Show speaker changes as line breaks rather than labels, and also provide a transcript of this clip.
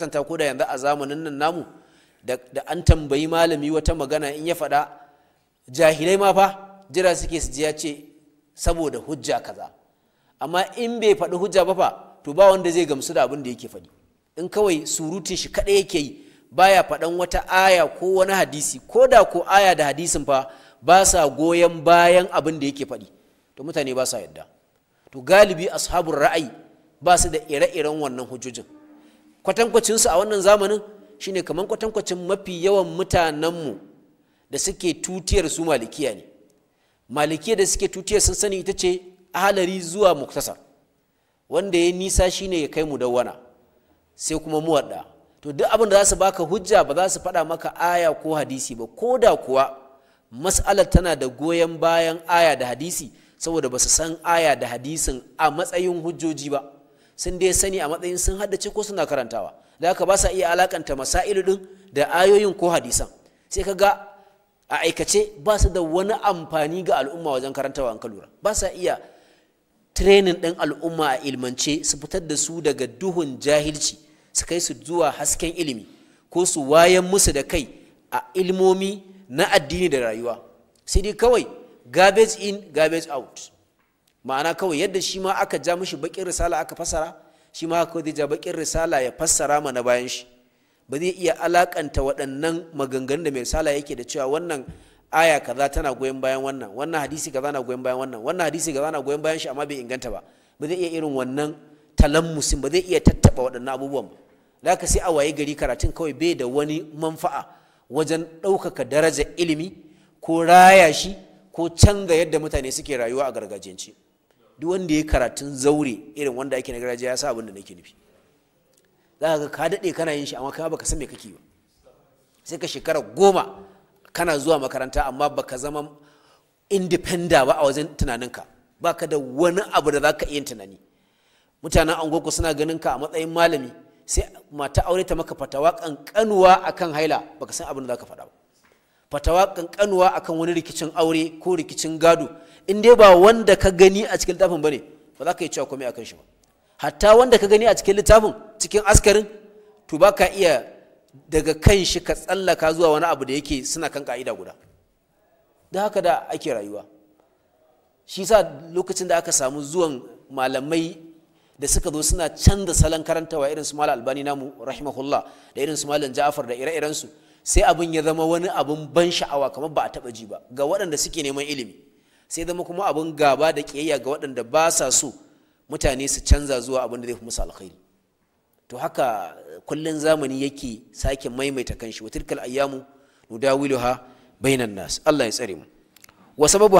kwatanta ko da yanzu a zamanin nan namu da an tambayi malami wata magana in ya faɗa jahilai ma fa jira suke su ji ya ce saboda hujja kaza amma in bai faɗi hujja ba fa to ba wanda zai gamsu da abin da yake faɗi in kawai surutun shi kaɗai yake yi baya faɗan wata aya ko wani hadisi ko da ko aya da hadisin fa ba sa goyon bayan abin da yake faɗi to mutane ba sa yadda to galibi ashabun ra'ayi ba su da ire-iren wannan hujjojin kwatankwacinsu a wannan zamanin shine kamar kwatankwacin mafi yawan mutanenmu da suke tutiyar su malikiya ne malikiya da suke tutiyar sun sani ita ce ahalari zuwa muktasar wanda ya nisa shine ya kai mu dawwana sai kuma muwadda to duk abin da za su baka hujja ba za su faɗa maka aya ko hadisi ba ko da kuwa mas'alar tana da goyon bayan aya da hadisi saboda ba su san aya da hadisin a matsayin hujjoji ba sun dai sani a matsayin sun haddace ko suna karantawa da haka ba sa iya alakanta masailu din da ayoyin ko hadisan sai ka ga a aikace ba su da wani amfani ga al'umma wajen karantawa an kalura ba sa iya training ɗin al'umma a ilmance su fitar da su daga duhun jahilci su kai su zuwa hasken ilimi ko su wayan musu da kai a ilmomi na addini da rayuwa sai dai kawai garbage in garbage out ma'ana kawai yadda shi ma aka ja mishi bakin risala aka fassara shi ma haka zai ja bakin risala ya fassara ma na bayan shi ba zai iya alakanta waɗannan maganganun da mai risala yake da cewa wannan aya kaza tana goyon bayan wannan wannan hadisi kaza na goyon bayan wannan wannan hadisi kaza na goyon bayan shi amma bai inganta ba ba zai iya irin wannan talammusin ba zai iya tattaba waɗannan abubuwan ba da haka sai a waye gari karatun kawai bai da wani manfa'a wajen ɗaukaka darajar ilimi ko raya shi ko canza yadda mutane suke rayuwa a gargajiyance duk wanda ya karatun zaure irin wanda ake na gargajiya ya sa abin da nake nufi za ka ga ka daɗe kana yin shi amma ka baka san me kake ba sai ka shekara goma kana zuwa makaranta amma baka zama independent ba a wajen tunaninka baka da wani abu da za ka iya tunani mutanen angoko suna ganin ka a matsayin malami sai mata aure ta maka fatawa kankanuwa akan haila baka san abin da za ka faɗa ba fatawa kankanuwa akan wani rikicin aure ko rikicin gado in dai ba wanda ka gani a cikin littafin bane ba za ka yi cewa komai akan shi ba hatta wanda ka gani a cikin littafin cikin askarin to ba ka iya daga kan shi ka tsallaka zuwa wani abu da yake suna kan ka'ida guda da haka da ake rayuwa shi sa lokacin da aka samu zuwan malamai da suka zo suna canza salon karantawa irin su mala albani namu rahimahullah da irin su malam ja'far da ire-irensu sai abin ya zama wani abin ban sha'awa kamar ba a taɓa ji ba ga waɗanda suke neman ilimi sai zama kuma abin gaba da ƙiyayya ga waɗanda ba sa so mutane su canza zuwa abin da zai fi musu alkhairi to haka kullun zamani yake sake maimaita kanshi wa tilkal ayyamu nudawiluha bainan nas Allah ya tsare mu wa sababu